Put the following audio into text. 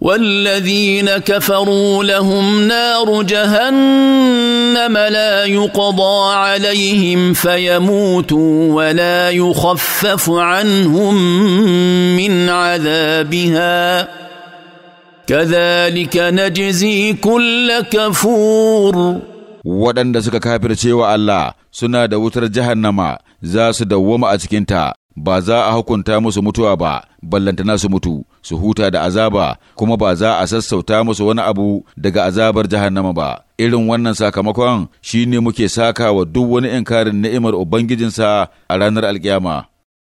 والذين كفروا لهم نار جهنم لا يقضى عليهم فيموتوا ولا يخفف عنهم من عذابها كذلك نجزي كل كفور waɗanda suka kafirce wa Allah suna da wutar jahannama za su dawwama a cikinta ba za a hukunta musu mutuwa ba ballantana su mutu su huta da azaba kuma ba za a sassauta musu wani abu daga azabar jahannama ba irin wannan sakamakon shi ne muke saka wa duk wani inkarin ni'imar ubangijinsa a ranar alkiyama